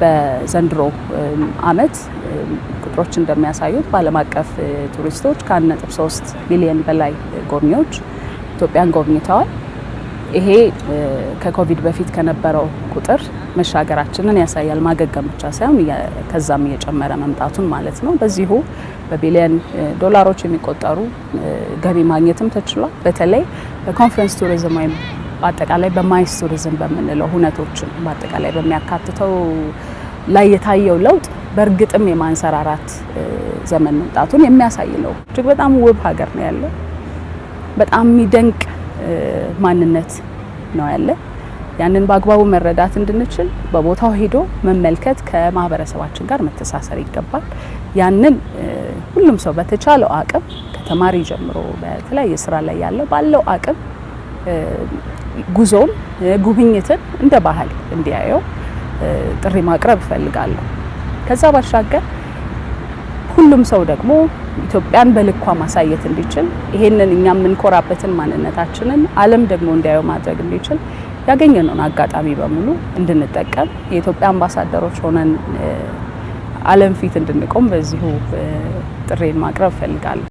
በዘንድሮ አመት ቁጥሮች እንደሚያሳዩት በዓለም አቀፍ ቱሪስቶች ከ1.3 ሚሊዮን በላይ ጎብኚዎች ኢትዮጵያን ጎብኝተዋል። ይሄ ከኮቪድ በፊት ከነበረው ቁጥር መሻገራችንን ያሳያል። ማገገም ብቻ ሳይሆን ከዛም እየጨመረ መምጣቱን ማለት ነው። በዚሁ በቢሊዮን ዶላሮች የሚቆጠሩ ገቢ ማግኘትም ተችሏል። በተለይ በኮንፈረንስ ቱሪዝም ወይም በአጠቃላይ በማይስ ቱሪዝም በምንለው ሁነቶችን በአጠቃላይ በሚያካትተው ላይ የታየው ለውጥ በእርግጥም የማንሰራራት ዘመን መምጣቱን የሚያሳይ ነው። እጅግ በጣም ውብ ሀገር ነው ያለ። በጣም የሚደንቅ ማንነት ነው ያለ። ያንን በአግባቡ መረዳት እንድንችል በቦታው ሄዶ መመልከት፣ ከማህበረሰባችን ጋር መተሳሰር ይገባል። ያንን ሁሉም ሰው በተቻለው አቅም ከተማሪ ጀምሮ በተለያየ ስራ ላይ ያለ ባለው አቅም ጉዞም ጉብኝትን እንደ ባህል እንዲያየው ጥሪ ማቅረብ እፈልጋለሁ። ከዛ ባሻገር ሁሉም ሰው ደግሞ ኢትዮጵያን በልኳ ማሳየት እንዲችል ይሄንን እኛ የምንኮራበትን ማንነታችንን ዓለም ደግሞ እንዲያየው ማድረግ እንዲችል ያገኘነውን አጋጣሚ በሙሉ እንድንጠቀም የኢትዮጵያ አምባሳደሮች ሆነን ዓለም ፊት እንድንቆም በዚሁ ጥሬን ማቅረብ እፈልጋለሁ።